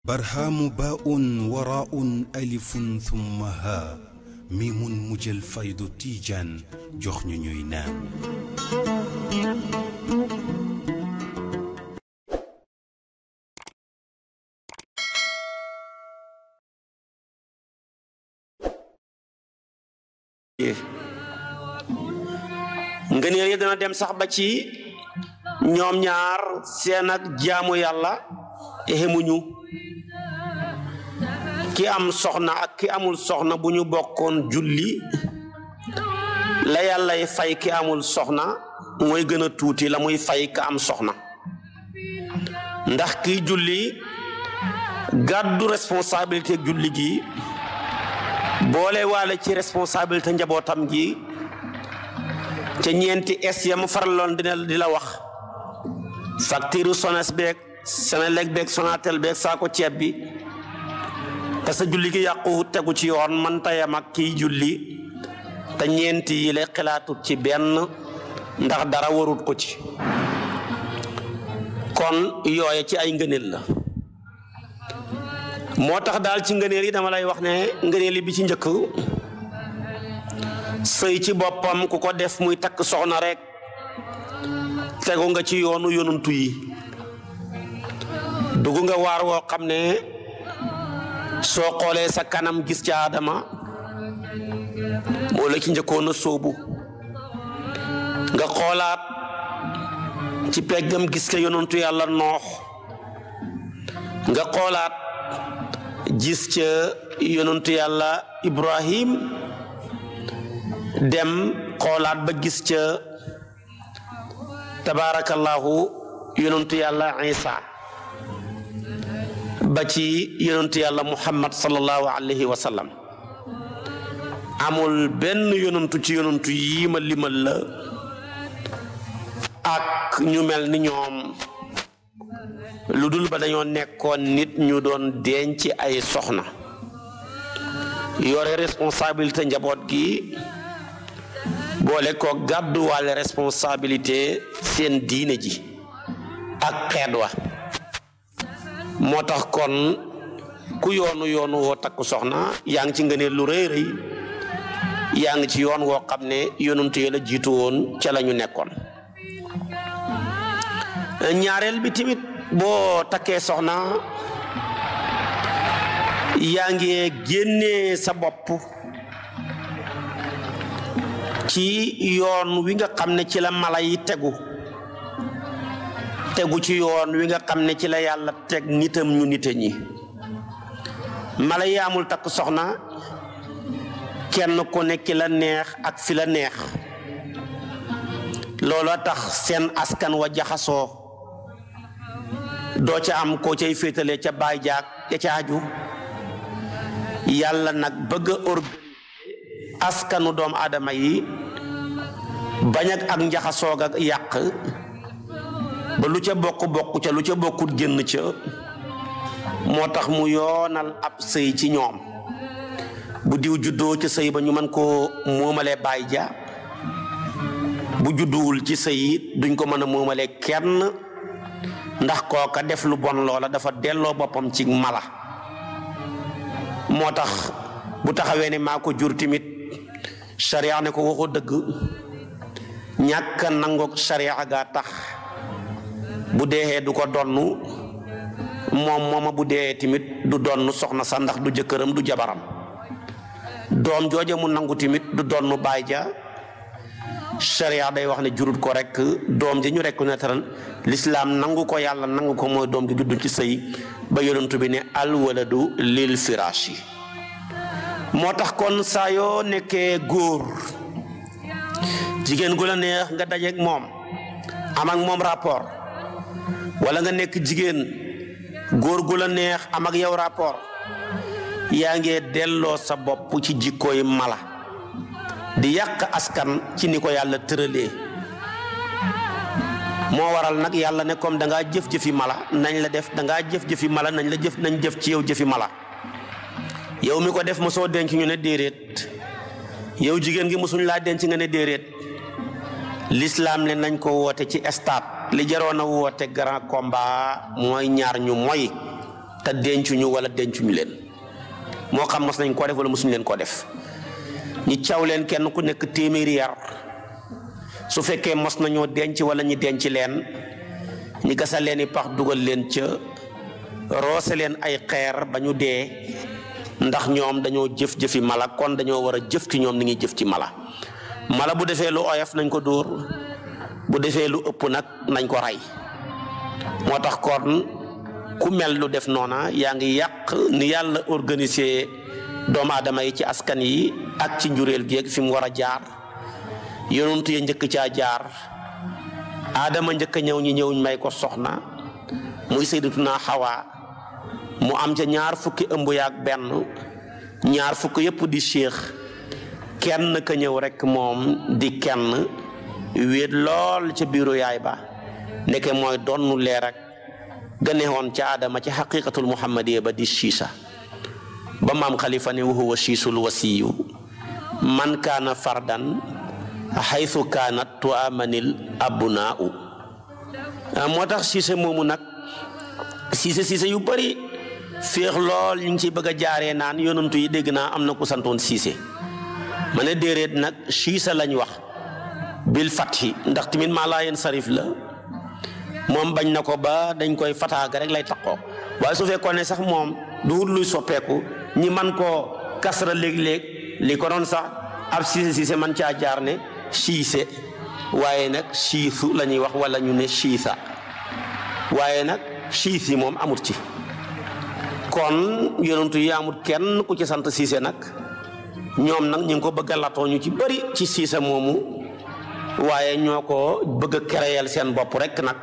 برهام باء وراء ألف ثم ها ميم مجل فيض تيجا جخن نينا ngeneel yi dana dem sax ba ci ñoom ñaar seen ak jaamu yàlla te xemuñu ki am soxna ak ki amul soxna bu ñu bokkoon julli la yàllay fay ki amul soxna mooy gën a tuuti la muy fay ka am soxna ndax kiy julli gàddu responsabilité julli gi boole waale ci responsabilité njabootam gi te ñeenti es ya mu faraloon dina di la wax facture sones Senelec beeg Sonatel beeg saako ceeb bi te sa julli ki yàquwut tegu ci yoon man tayam ak ki julli ta ñent yi le xalaatut ci ben ndax dara warut ko ci kon yoy ci ay ngeenel la motax dal ci ngeenel yi dama lay wax ne ngeenel yi bi ci njëkk sey ci bopam ku ko def muy tak soxna rek tegu nga ci yoonu yonuntu yi dugg nga waar woo xam ne soo xoolee sa kanam gis ca Adama moo la ci njëkkoon a sóobu nga xoolaat ci peggam gis ca yonantu yàlla noox nga xoolaat gis ca yonantu yàlla Ibrahim dem xoolaat ba gis ca tabaarakallaahu yonantu yàlla Isa ba ci yonentu yàlla muhammad sallallahu alayhi wa amul benn yonentu ci yonentu yii ma limal la ak ñu mel ni ñoom lu dul ba dañoo nekkoon nit ñu doon denc ay soxna yore responsabilité njaboot gi boole ko gàdduwaale responsabilité seen diine ji ak xeet wa moo tax kon ku yoonu yoonu woo takku soxna yaa ngi ci ngëneel lu rëy rëy yaa ngi ci yoon woo xam ne yonumtu yi la jiitu ca la ñu nekkoon ñaareel bi tamit boo takkee soxna yaa ngi génnee sa bopp ci yoon wi nga xam ne ci la mala yi tegu tegu ci yoon wi nga xam ne ci la yàlla teg nitam ñu nite ñi mala yaamul takk soxna kenn ku nekk la neex ak fi la neex looloo tax seen askan wa jaxasoo doo ca am koo cay féetale ca baay jaag ya ca aju yàlla nag bëgg a askanu doomu aadama yi bañ ak ak njaxasoog ak yàq ba lu ca bokku bokku ca lu ca bokku genn ca motax mu yonal ab sey ci ñoom bu diw juddo ci sey ba ñu man ko momale baay ja bu judduwul ci sey duñ ko mëna momale kenn ndax ka def lu bon loola dafa delo bopam ci mala motax bu taxawé ne mako jur timit sharia ne ko waxo deug ñak nangok sharia ga tax bu deexee du ko donnu moom mooma bu deexee tamit du donnu soxna sa ndax du jëkkëram du jabaram doom jooje mu nangu tamit du donnu baay ja sharia day wax ne jurut ko rek doom ji ñu rekk ne taral lislaam nangu ko yàlla nangu ko mooy doom ji juddu ci sëy ba yonent bi ne alwaladu lil yi moo tax kon saa yoo nekkee góor jigéen gu la neex nga dajeeg moom am ak moom rapport wala nga nekk jigéen góor gu la neex am ak yow rapport yaa ngi delloo sa bopp ci jikkooy mala di yàq askan ci ni ko yàlla tëralee moo waral nag yàlla ne comme da jëf-jëfi mala nañ la def da jëf-jëfi mala nañ la jëf nañ jëf ci yow jëfi mala yow mi ko def mosoo denc ñu ne déeréet yow jigéen gi mosuñ laa denc nga ne déeréet lislaam ne nañ ko woote ci stade li jaroon a woote grand combat mooy ñaar ñu moy te dencuñu wala dencuñu leen moo xam mos nañ koo def wala mosuñu leen koo def ñi caw leen kenn ku nekk téeméeri yar su fekkee mos nañoo denc wala ñi denc leen ñi gasal leen i pax dugal leen ca roose leen ay xeer ba ñu dee ndax ñoom dañoo jëf jëfi mala kon dañoo war a jëf ci ñoom ni ñuy jëf ci mala mala bu defee lu oyof nañ ko dóor bu defee lu ëpp nag nañ ko rey moo tax kon ku mel lu def noona yaa ngi yàq ni yàlla organiser doomu aadama yi ci askan yi ak ci njureel geeg fi mu war a jaar yonent ya njëkk caa jaar aadama njëkk a ñi may ko soxna muy sayyidatuna Hawa mu am ca ñaar fukki ëmb yaak benn ñaar fukk yépp di cheikh kenn ka ñëw rek moom di kenn wet lol ci biiru yaay ba neke moy lerak, leer ak gane hon ci adama ci haqiqatul muhammadiya ba di siisa ba mam khalifa ni huwa shisul wasiyu man kana fardan haythu kanat tuamanil abunau, ah, motax tax momu nak nag siise yu bari feex lol ñu ci bëgg jaaré naan yonantu yi dégg na ku santoon siise lañ wax bil fathi ndax tamit maa laa yéen sarif la moom bañ na ko ba dañ koy fataaga rek lay taxoo waaye su fekkoon ne sax moom du wut luy soppeeku ñi man koo kasra léeg-léeg li ko doon sax ab siise siise man caa jaar ne siise waaye nag siisu lañuy wax wala ñu ne siisa waaye nag siis yi moom amut ci kon yonentu yi amut kenn ku ci sant siise nag ñoom nag ñu ngi ko bëgg a ci bari ci siisa moomu waaye ñoo ko bëgg a créer seen bopp rek nag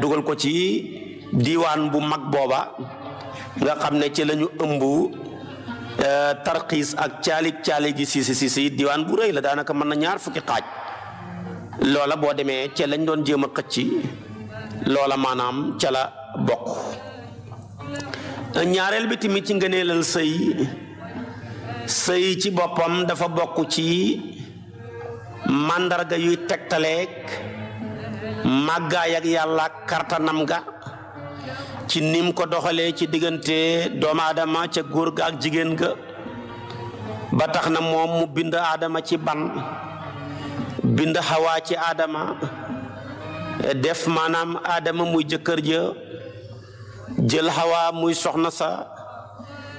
dugal ko ci diwaan bu mag booba nga xam ne ci lañu ëmb e, tarxiis ak caali caalik gi siisi siisi diiwaan bu rëy la daanaka mën na ñaar fukki xaaj loola boo demee ca lañ doon jéem a xëcc loola maanaam ca la bokk ñaareel bi tamit ci ngëneelal sëy sëy ci boppam dafa bokk ci màndarga yuy tektalek magga yak yalla kartanam ga ci nim ko doxale ci diggante doomu adama ci gor ga ak jigen ga ba taxna mom mu bind adama ci ban bind hawa ci adama def manam adama muy jeuker je jël hawa muy soxna sa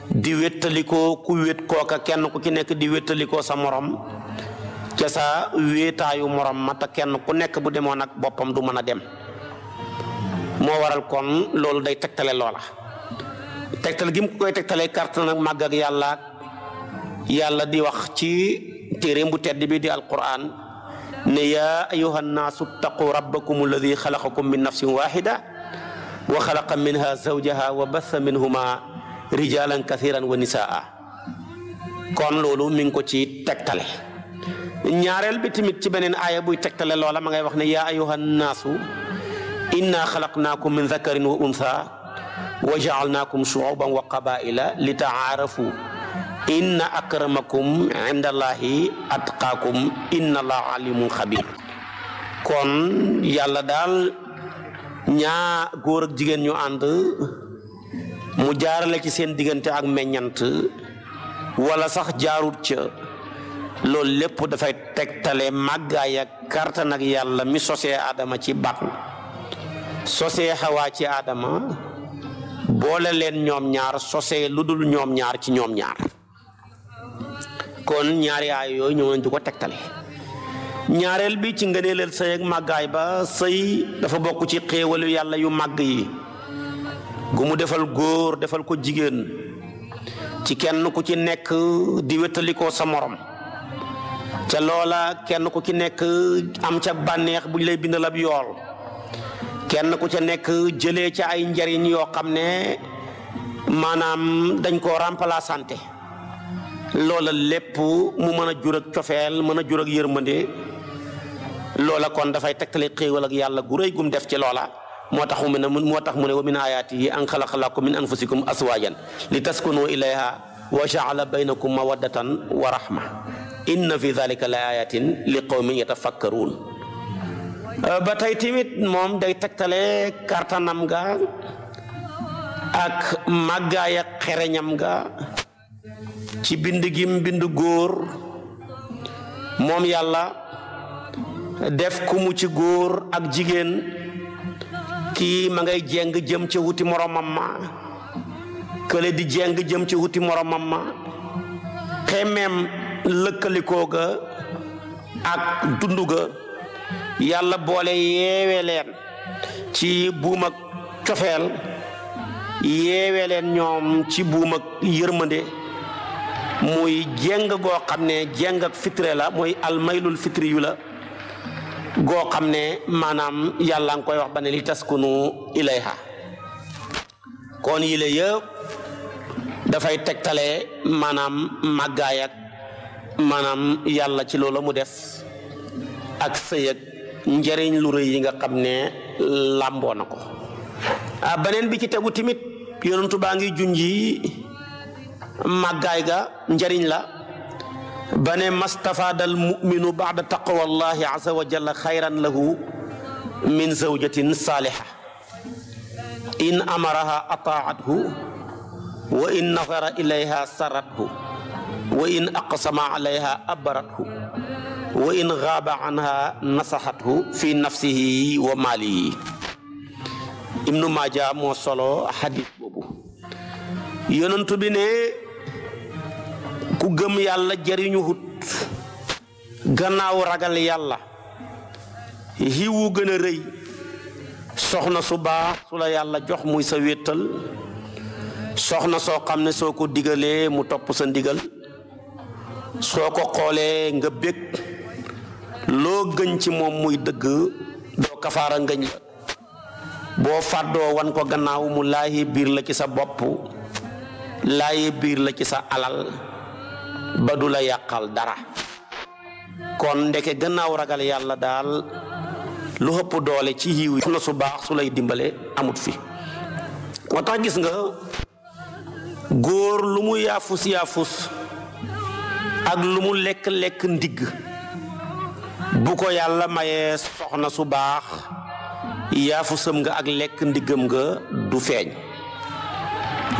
di wetaliko ku wet koka kenn ku ki nek di wetaliko sa morom ci sa wéetaayu morom mata kenn ku nek bu demo nak bopam du meuna dem mo waral kon lolou day tektale lola. tektale gi mu koy tektale carte nak mag ak yalla yalla di wax ci téeréem bu tedd bi di alquran ne ya ayuha nasu taqu rabbakum alladhi khalaqakum min nafsin wahida wa khalaqa minha zawjaha wa bassa minhumā rijalan kathiran wa nisaa kon lolou mi ko ci tektale ñaareel bi tamit ci beneen aaya buy tegtale loola ngay wax ne yaa ayuha nnaasu inna xalaqnaakum min zakarin wa untha wa jaalnaakum shuuban wa qabaila li taarafu inna akramakum atqaakum inna allaha alimun xabir kon yàlla daal ñaa góor jigéen ñu ànd mu jaarale ci seen diggante ak meññant wala sax jaarut ca loolu lépp dafa tegtale màggaay ak kàttan ak yàlla mi sosee Adama ci bàqu sosee Xawaa ci Adama boole leen ñoom ñaar sosee lu dul ñoom ñaar ci ñoom ñaar kon ñaari aay yooyu ñoo leen di ko tegtale ñaareel bi ci ngëneelal sëy ak màggaay ba sëy dafa bokk ci xéewalu yàlla yu màgg yi gu mu defal góor defal ko jigéen ci kenn ku ci nekk di wéttalikoo sa morom ca loola kenn ku ci nekk am ca bànneex bu ñu lay bindal yool kenn ku ca nekk jëlee ca ay njariñ yoo xam ne maanaam dañ koo remplaçante loola lépp mu mën a jur ak cofeel mën a jur ak yërmande loola kon dafay tegtale xéewal ak yàlla gu rëy gum def ci loola moo tax mu ne moo tax mu ne wa min ayaatihi an xalaqa lakum min anfusikum aswaajan li taskunu ilayha wa jaala baynakum mawaddatan wa rahma inna fi dhalika la ayatin li qawmin yatafakkaruun euh, ba tey tamit moom day tegtale kartanam ga ak màggaay ak xereñam ga ci bind gim bind góor moom yàlla def ku mu ci góor ak jigéen ki ma ngay jeng jëm ci wuti moromam ma kële di jeng jëm ci wuti moromam ma xemeem lëkkalikoo ga ak dund yàlla boole yeewee leen ci buum ak cofeel yeewee leen ñoom ci buum ak yërmande muy jéng goo xam ne jéng fitre la muy almaylul fitri yu la goo xam ne maanaam yàlla nga koy wax ba ne li nu ilayha kon yile yëpp dafay tegtale maanaam màggaay maanaam yàlla ci loola mu def ak sëy njariñ lu rëy yi nga xam ne làmboo na ko ah beneen bi ci tegu tamit yonentu baa ngi junji màggaay ga njariñ la ba ne mastafaadal muminu baada taqwallahi azza wa jalla lahu min zawjatin saaliha in amaraha ataathu wa in nazara ilayha sarathu wa in aqsama alayha abarathu wa in gaaba anha nasaxathu fi nafsihi wa maalihi ibnu maaja moo solo xadis boobu yonentu bi ne ku gëm yàlla jariñu hut gannaaw ragal yàlla xiwu gën a rëy soxna su baax su yàlla jox muy sa wéttal soxna soo xam ne soo ko digalee mu topp sa ndigal soo ko xoolee nga bég loo gëñ ci moom muy dëgg doo kafaara ngëñ la boo fàddoo wan ko gannaaw mu laayi biir la ci sa bopp laayi biir la ci sa alal ba du la yàqal dara kon ndeke gannaaw ragal yàlla daal lu ëpp doole ci yiw na su baax su lay dimbale amut fi moo tax gis nga góor lu mu yaafus yaafus ak lu mu lekk lekk ndig bu ko yalla maye soxna su ya fu sem nga ak lekk ndigam nga du feñ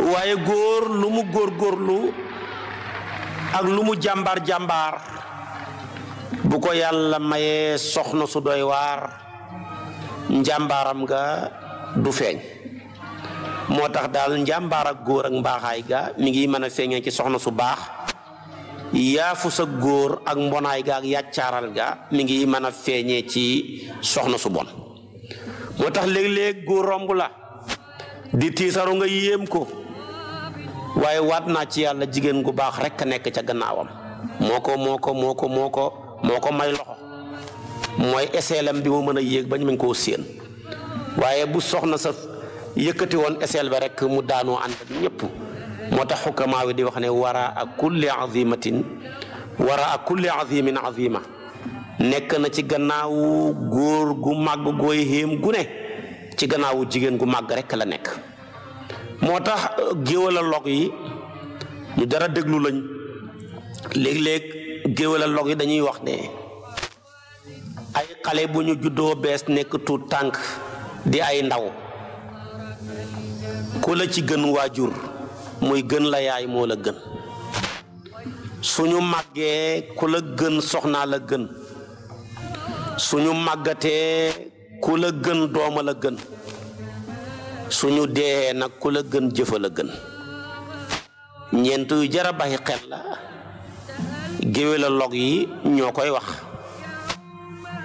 waye gor lu mu gor góorlu ak lu mu jambar jambar bu ko yalla maye soxna su doy war nga du feñ motax dal ak gor ak mbaxay ga mi ngi meuna a ci soxna su bax yaafu sa góor ak mbonaay ga ak caaral ga mu ngi mën a feeñee ci soxna su bon moo tax léeg-léeg góor romb la di tiisaru nga yéem ko waaye waat naa ci yàlla jigéen gu baax rekk nekk ca gannaawam moo ko moo ko moo ko moo ko moo ko may loxo mooy eseelam bi mu mën a yéeg bañ mañ koo séen waaye bu soxna sa yëkkati woon eseel ba rekk mu daanoo ànd ak ñëpp moo tax xukamaa di wax ne wara a kulli azimatin wara a kulli azimin azima nekk na ci gannaawu góor gu màgg gooy xéem gu ne ci gannaawu jigéen gu màgg rekk la nekk moo tax euh, géwél a log yi ñu dara déglu lañ léeg-léeg géwél a log yi dañuy wax ne ay xale bu ñu juddoo bees nekk tu tànk di ay ndaw ku la ci gën waajur muy gën la yaay moo la gën suñu màggee ku la gën soxnaa la gën suñu màggatee ku la gën dooma la gën suñu dee nag ku la gën jëfa la gën ñeent yu jara la géwél log yi ñoo koy wax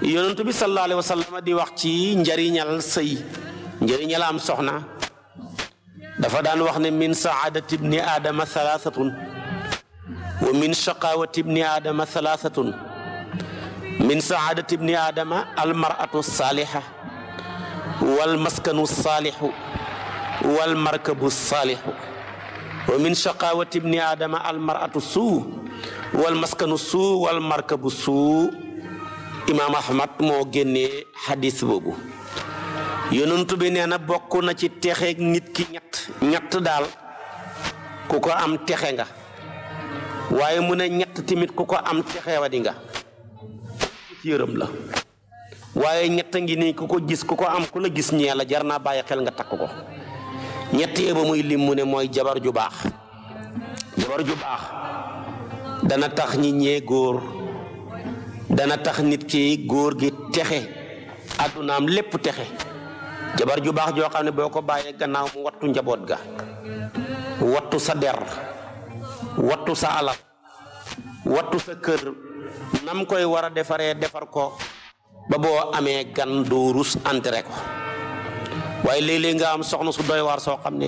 yonentu bi sallallahu di wax ci njariñal sëy njariñal am soxna dafa daan wax ne min saadati ibni aadama salaasatun wa min shaqaawati ibni aadama salaasatun min saadati ibni aadama almaratu saaliha wal maskanu saalixu wal markabu saalixu wa min shaqaawati ibni aadama maskanu suu wal markabu suu imaam moo génnee xadis boobu yonuntu bi neena bokku na ci texeek nit ki ñatt ñatt dal kuko am texe nga waye mu ne ñatt timit kuko am texewa wadi nga ci yërëm la waye ñatt ngi ni kuko gis kuko am kulo gis ñee jarna jar xel nga takko ko ñetti ba muy lim mu ne moy jabar ju bax jabar ju bax dana tax ñi ñe goor dana tax nit ki goor gi texe adunaam lepp texe jabar ju bax jo xamne boko baye gannaaw mu wattu njabot ga wattu sa der wattu sa ala wattu sa keur nam koy wara defare defar ko ba bo amé gan do rus entré ko way léeg nga am soxna su doy war so xam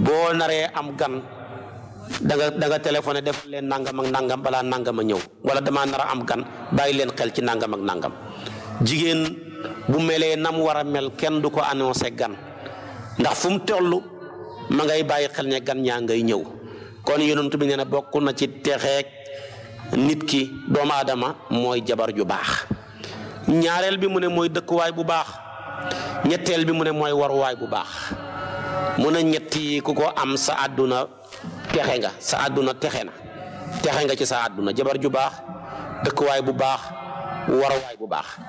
bo naré am gan da nga da nga téléphoné def len nangam ak nangam bala nangam wala dama nara am gan bayi len xel ci nangam ak nangam jigen bu melee nam war a mel kenn du ko annoncé gan ndax fu mu toll ma ngay bàyyi xel ne gan ñaa ngay ñëw kon yonent bi nee na bokk na ci texeeg nit ki doomu aadama mooy jabar ju baax ñaareel bi mu ne mooy dëkkuwaay bu baax ñetteel bi mu ne mooy waruwaay bu baax mu ne ñett ku ko am sa àdduna texe nga sa àdduna texe na texe nga ci sa àdduna jabar ju baax dëkkuwaay bu baax warwaay bu baax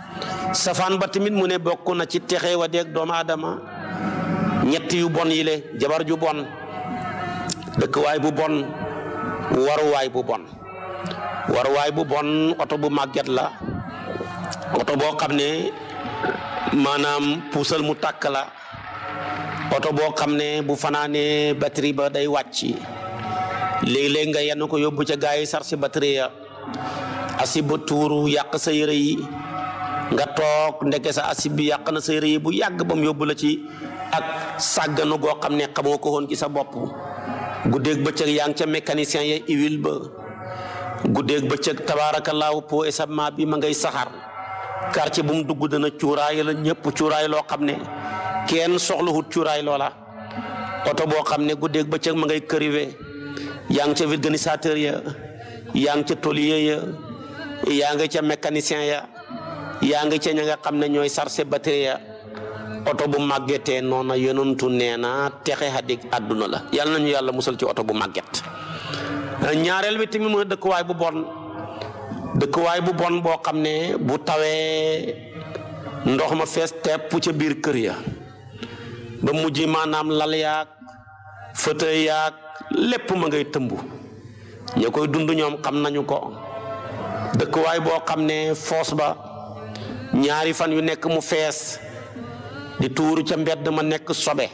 safan ba timit mu ne na ci texee wa deeg adama ñett yu bon yi le jabar ju bon way bu bon waruwaay bu bon waruwaay bu bon auto bu magget la bufanane bo xamne waci pousal mu tak la auto bo xamne bu fanane batterie ba day leg leg nga yenn ko yobbu ca gaay sar si batterie ya asibu turu yak sa yere yi nga tok ndeke sa asibi yak na sa yere yi bu yag bam mu ci ak sàgganu go xamne xamoko hon ci sa bop guddeeg bëccëg yaa ngi ca mécanicien ya iwil ba guddeeg bëccëg tabarakallah po esabment bi ma ngay sahar quartier bu mu dugg dana ciuray la ñepp ciuray lo xamne ne kenn soxlawut ciuray lola auto bo xamne ne guddeeg ma ngay këriwe yang ca ya yang ca tolier ya ya nga ca mécanicien ya ya nga ca nga xam sarse batterie ya auto bu nona nona yonuntu nee hadik adunola, la yalla nañu yalla musal ci auto bu màgget ñaarel bi mo dekk way bu bon way bu bon bo xamne bu tawé ndox ma fess tepp ci bir kër ya ba mujj manam lal yaag fëtëy yaag lepp ma ngay teumbu ñakoy dundu ñom ko dëkkuwaay bo xam ne foos ba ñaari fan yu nek mu fess di touru ca mbedd ma nek sobe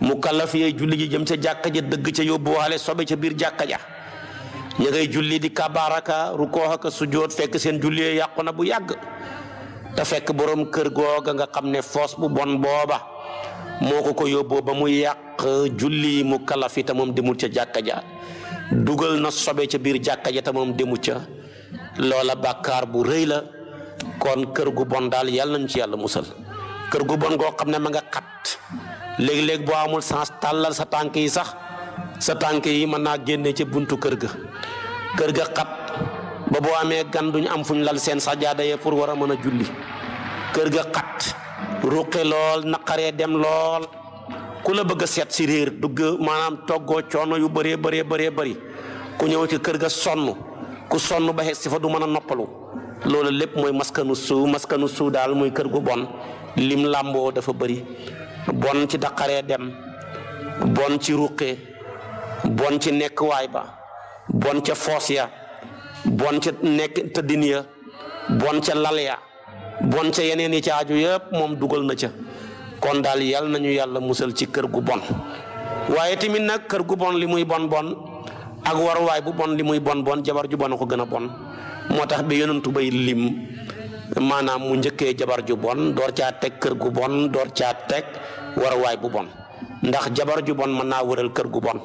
mu kalaf ye julli ji jëm ca jàkka ja dëgg ca yóbbuwaale sobe ca bir jàkka ja ña ngay julli di kabaraka rukoox hak sujud fekk seen julli ye yàqu bu ta fekk borom kër goga nga xamne ne bu bon boba moko ko yobbo ba mu yàq julli mu kalaf yi demul ca jakka ja dugal na sobe ca bir jakka ja tamum demu ca loola bàkkaar bu rëy la kon kër gu bon daal yàlla nañ ci yàlla musal kër gu bon goo xam ne ma nga xat léeg-léeg boo amul sa tàllal sa tànk yi sax sa tànk yi mën naa génne ci buntu kër ga kër ga xat ba boo amee gan duñ am fuñ lal seen sajaada yee pour war a mën a julli kër ga xat ruqe lool naqaree dem lool ku la bëgg a seet si réer dugg maanaam toggoo coono yu bëree bëree bëree bari ku ñëw ci kër ga sonn ku sonu ba xegsi fa du meuna noppalu lolou lepp moy maskanu su maskanu su dal moy keur gu bon lim lambo dafa beuri bon ci dakare dem bon ci ruqe bon ci nek way ba bon ci fosia ya, bon ci nek tëddin ya, bon ci lalya bon ci yenen ci aju yëpp mom dugal na ca kon dal yal nañu yalla musal ci keur gu bon waye nak keur gu bon limuy bon bon ak way bu bon limuy bon bon jabar ju bon ko gëna bon motax bi yonentou bay lim manam mu ñëkke jabar ju bon dor caa tek kër gu bon door caa war way bu bon ndax jabar ju bon mën naa wëral kër gu bon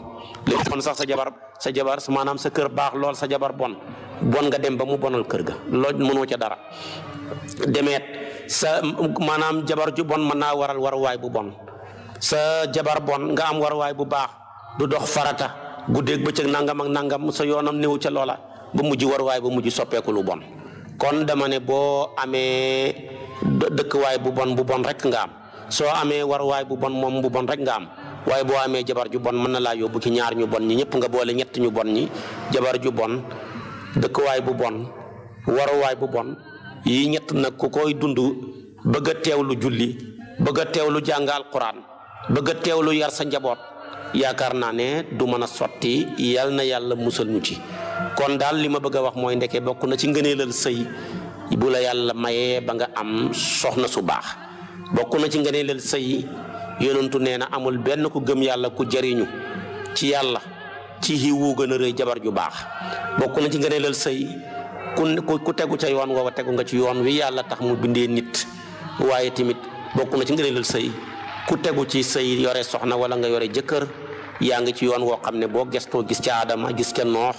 li bon sax sa jabar sa jabar manam sa kër baax lool sa jabar bon bon nga dem ba mu bonal kër ga loj mëno ca dara demet sa manam jabar ju bon mën naa waral way bu bon sa jabar bon nga am way bu baax du dox farata guddeeg bëccëg nangam ak nangam sa yoonam néew ca loola ba mujj waruwaay ba mujj soppeeku lu bon kon dama ne boo amee dëkkwaay bu bon bu bon rek nga am soo amee waruwaay bu bon moom bu bon rek nga am waaye boo amee jabar ju bon mën na laa yóbbu ci ñaar ñu bon ñi ñëpp nga boole ñett ñu bon ñi jabar ju bon dëkkwaay bu bon waruwaay bu bon yi ñett nag ku koy dund bëgg a teewlu julli bëgg a teewlu jàngal bëgg a yar sa njaboot yaakaar naa ne du mën a sotti yal na yàlla musal ñu ci kon daal li ma bëgg a wax mooy ndeke bokk na ci ngëneelal sëy bu la yàlla mayee ba nga am soxna su baax bokk na ci ngëneelal sëy yonentu nee na amul benn ku gëm yàlla ku jariñu ci yàlla ci xiwu gën a rëy jabar ju baax bokk na ci ngëneelal sëy ku ku tegu ca yoon woowa tegu nga ci yoon wi yàlla tax mu bindee nit waaye tamit bokk na ci ngëneelal sëy ku tegu ci sëy yore soxna wala nga yore jëkkër yaa ngi ci yoon woo xam ne boo gestoo gis ca Adama gis ca Noox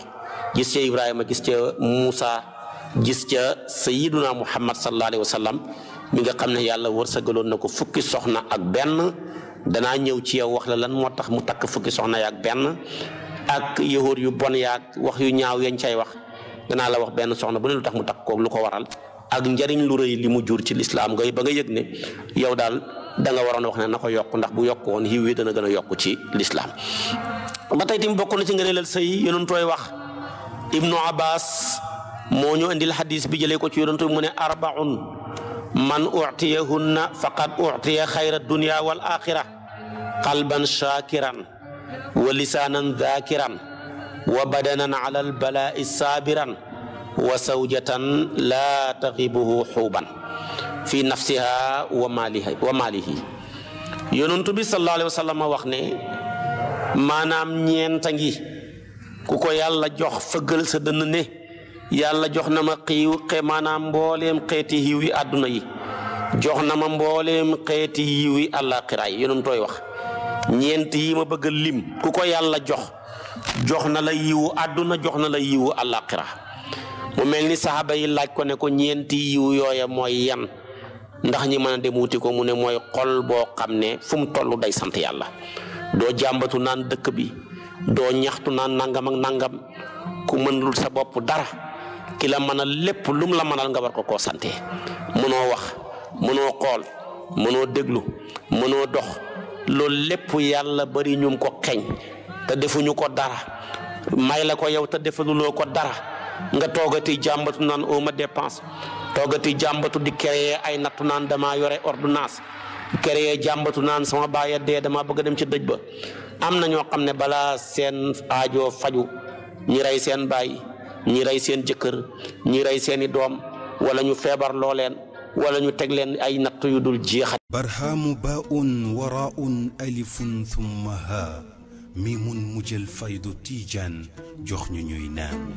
gis ca Ibrahima gis ca Muusa gis ca sayiduna Muhammad sallallahu alayhi wa sallam mi nga xam ne yàlla wërsëgaloon na ko fukki soxna ak benn danaa ñëw ci yow wax la lan moo tax mu takk fukki soxna yaak benn ak yëhóor yu bon yaak wax yu ñaaw yañ cay wax danaa la wax benn soxna bu ne lu tax mu takk koog lu ko waral ak njariñ lu rëy li mu jur ci lislaam ngay ba nga yëg ne yow daal da nga waroon wax ne na ko yokk ndax bu yokk woon yiw wi dana gën a yokk ci lislaam ba tey tim bokk na ci ngëneelal sëy yonent tooy wax ibnu abbas moo ñu indil xadis bi jëlee ko ci yonent mu ne arbaun man utiyahunna faqad utiya xayra dunya wal axira qalban shakiran wa lisanan dhakiran wa badanan ala albalaa'i sabiran wa sawjatan la taxibuhu xuuban fi nafsiha wa malihi wa malihi yonentu bi sallallahu alaihi wasallam wax ne manam ñentangi ku ko yalla jox feugal sa deun ne yalla jox na ma xiw xe manam mbolem xeti hiwi aduna yi jox na ma mbolem xeti hiwi alakhirah yonentoy wax ñent yi ma bëgg lim ku ko yalla jox jox na la yiwu aduna jox na la yiwu alakhirah mu melni sahaba yi laaj ko ne ko ñent moy yan ndax ñi mëna dem wuti ko mu ne moy xol bo xamne ne fu mu toll day sant yalla do jambatu naan dekk bi do ñaxtu naan nangam ak nangam ku mënul sa bop dara ki la mënal lépp lum la mënal nga war ko ko santé mëno wax mëno xol mëno deglu mëno dox loolu lepp yalla bari ñum ko xeñ te defuñu ko dara may la ko yow te defaluloo ko dara nga jambatu nan o oh, ma dépense togati jambatu di créé ay nattu nan dama yore ordonnance di créer jàmbatu naan sama baye ya dé dama bëgg dem ci dëj ba am na xamné bala ne balaa aajo faju ñi ray sen bay ñi ray sen jëkkër ñi ray sen doom wala ñu fébar loo leen wala ñu teg leen ay natt yu dul jeexat barhamu baun waraun alifun thumma ha mimun mujal faydu tijan jox ñu ñuy naan